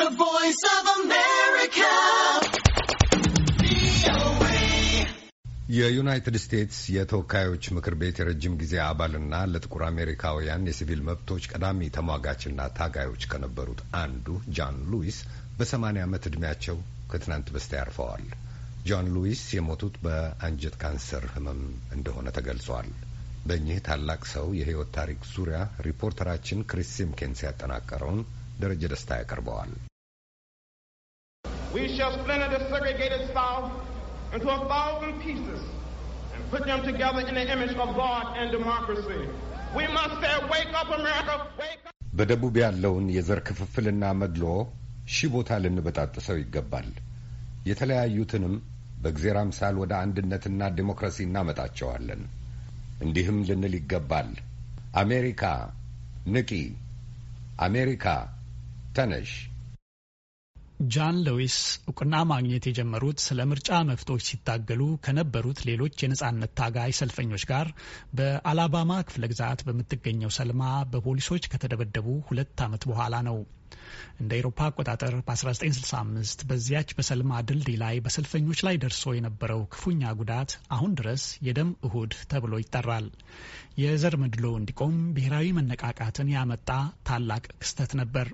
The Voice of America. የዩናይትድ ስቴትስ የተወካዮች ምክር ቤት የረጅም ጊዜ አባልና ለጥቁር አሜሪካውያን የሲቪል መብቶች ቀዳሚ ተሟጋችና ታጋዮች ከነበሩት አንዱ ጃን ሉዊስ በሰማንያ ዓመት ዕድሜያቸው ከትናንት በስቲያ አርፈዋል። ጃን ሉዊስ የሞቱት በአንጀት ካንሰር ህመም እንደሆነ ተገልጿል። በእኚህ ታላቅ ሰው የህይወት ታሪክ ዙሪያ ሪፖርተራችን ክሪስ ሲምኬንስ ያጠናቀረውን ደረጀ ደስታ ያቀርበዋል። we shall splinter the segregated South into a thousand pieces and put them together in the image of God and democracy. We must say, wake up America, wake up. በደቡብ ያለውን የዘር ክፍፍልና መድሎ ሺህ ቦታ ልንበጣጥሰው ይገባል። የተለያዩትንም በእግዜር አምሳል ወደ አንድነትና ዴሞክራሲ እናመጣቸዋለን። እንዲህም ልንል ይገባል፣ አሜሪካ ንቂ፣ አሜሪካ ተነሽ ጃን ሎዊስ እውቅና ማግኘት የጀመሩት ስለ ምርጫ መፍቶች ሲታገሉ ከነበሩት ሌሎች የነጻነት ታጋይ ሰልፈኞች ጋር በአላባማ ክፍለ ግዛት በምትገኘው ሰልማ በፖሊሶች ከተደበደቡ ሁለት ዓመት በኋላ ነው። እንደ ኤሮፓ አቆጣጠር በ1965 በዚያች በሰልማ ድልድይ ላይ በሰልፈኞች ላይ ደርሶ የነበረው ክፉኛ ጉዳት አሁን ድረስ የደም እሁድ ተብሎ ይጠራል። የዘር መድሎ እንዲቆም ብሔራዊ መነቃቃትን ያመጣ ታላቅ ክስተት ነበር።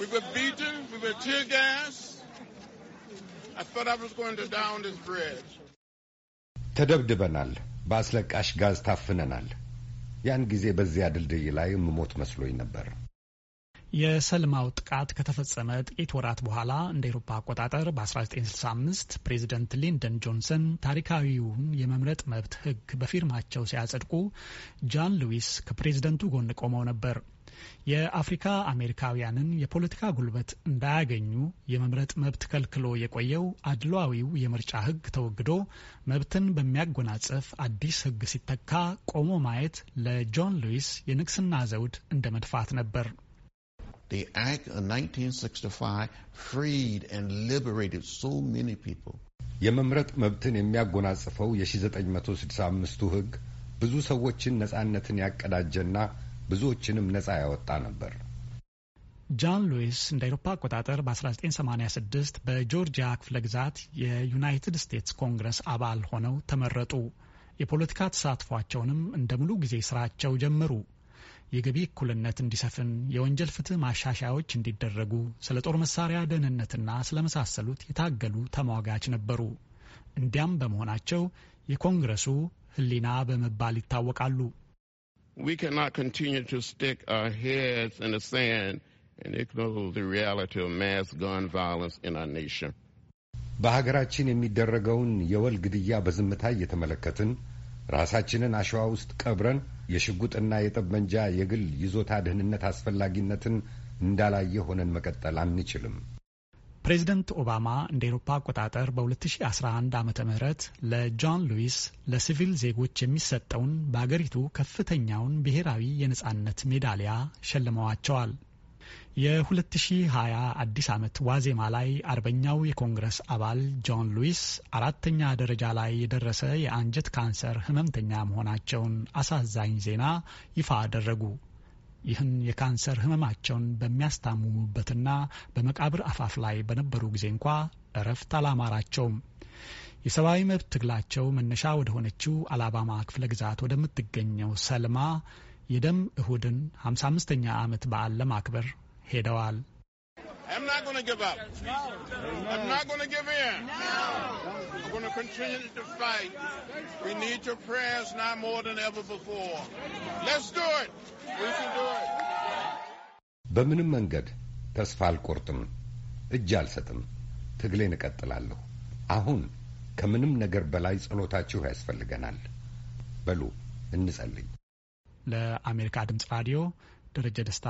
We were beaten, we were tear gassed. I thought I was going to die on this bridge. ተደብድበናል፣ በአስለቃሽ ጋዝ ታፍነናል። ያን ጊዜ በዚያ ድልድይ ላይ የምሞት መስሎኝ ነበር። የሰልማው ጥቃት ከተፈጸመ ጥቂት ወራት በኋላ እንደ ኤሮፓ አቆጣጠር በ1965 ፕሬዚደንት ሊንደን ጆንሰን ታሪካዊውን የመምረጥ መብት ሕግ በፊርማቸው ሲያጸድቁ ጃን ሉዊስ ከፕሬዝደንቱ ጎን ቆመው ነበር። የአፍሪካ አሜሪካውያንን የፖለቲካ ጉልበት እንዳያገኙ የመምረጥ መብት ከልክሎ የቆየው አድሏዊው የምርጫ ሕግ ተወግዶ መብትን በሚያጎናጽፍ አዲስ ሕግ ሲተካ ቆሞ ማየት ለጆን ሉዊስ የንግስና ዘውድ እንደ መድፋት ነበር። The act of 1965 freed and liberated so many people. የመምረጥ መብትን የሚያጎናጽፈው የ1965ቱ ህግ ብዙ ሰዎችን ነጻነትን ያቀዳጀና ብዙዎችንም ነጻ ያወጣ ነበር። ጃን ሉዊስ እንደ አውሮፓ አቆጣጠር በ1986 በጆርጂያ ክፍለ ግዛት የዩናይትድ ስቴትስ ኮንግረስ አባል ሆነው ተመረጡ። የፖለቲካ ተሳትፏቸውንም እንደ ሙሉ ጊዜ ስራቸው ጀመሩ። የገቢ እኩልነት እንዲሰፍን፣ የወንጀል ፍትህ ማሻሻያዎች እንዲደረጉ፣ ስለ ጦር መሳሪያ ደህንነትና ስለመሳሰሉት የታገሉ ተሟጋች ነበሩ። እንዲያም በመሆናቸው የኮንግረሱ ህሊና በመባል ይታወቃሉ። በሀገራችን የሚደረገውን የወል ግድያ በዝምታ እየተመለከትን ራሳችንን አሸዋ ውስጥ ቀብረን የሽጉጥና የጠመንጃ የግል ይዞታ ደህንነት አስፈላጊነትን እንዳላየ ሆነን መቀጠል አንችልም። ፕሬዚደንት ኦባማ እንደ ኤሮፓ አቆጣጠር በ2011 ዓ ም ለጆን ሉዊስ ለሲቪል ዜጎች የሚሰጠውን በአገሪቱ ከፍተኛውን ብሔራዊ የነጻነት ሜዳሊያ ሸልመዋቸዋል። የ2020 አዲስ ዓመት ዋዜማ ላይ አርበኛው የኮንግረስ አባል ጆን ሉዊስ አራተኛ ደረጃ ላይ የደረሰ የአንጀት ካንሰር ህመምተኛ መሆናቸውን አሳዛኝ ዜና ይፋ አደረጉ። ይህን የካንሰር ህመማቸውን በሚያስታምሙበትና በመቃብር አፋፍ ላይ በነበሩ ጊዜ እንኳ እረፍት አላማራቸውም። የሰብአዊ መብት ትግላቸው መነሻ ወደ ሆነችው አላባማ ክፍለ ግዛት ወደምትገኘው ሰልማ የደም እሁድን 55ኛ ዓመት በዓል ለማክበር ሄደዋል። በምንም መንገድ ተስፋ አልቆርጥም፣ እጅ አልሰጥም፣ ትግሌን እቀጥላለሁ። አሁን ከምንም ነገር በላይ ጸሎታችሁ ያስፈልገናል። በሉ እንጸልይ። ለአሜሪካ ድምጽ ራዲዮ ደረጀ ደስታ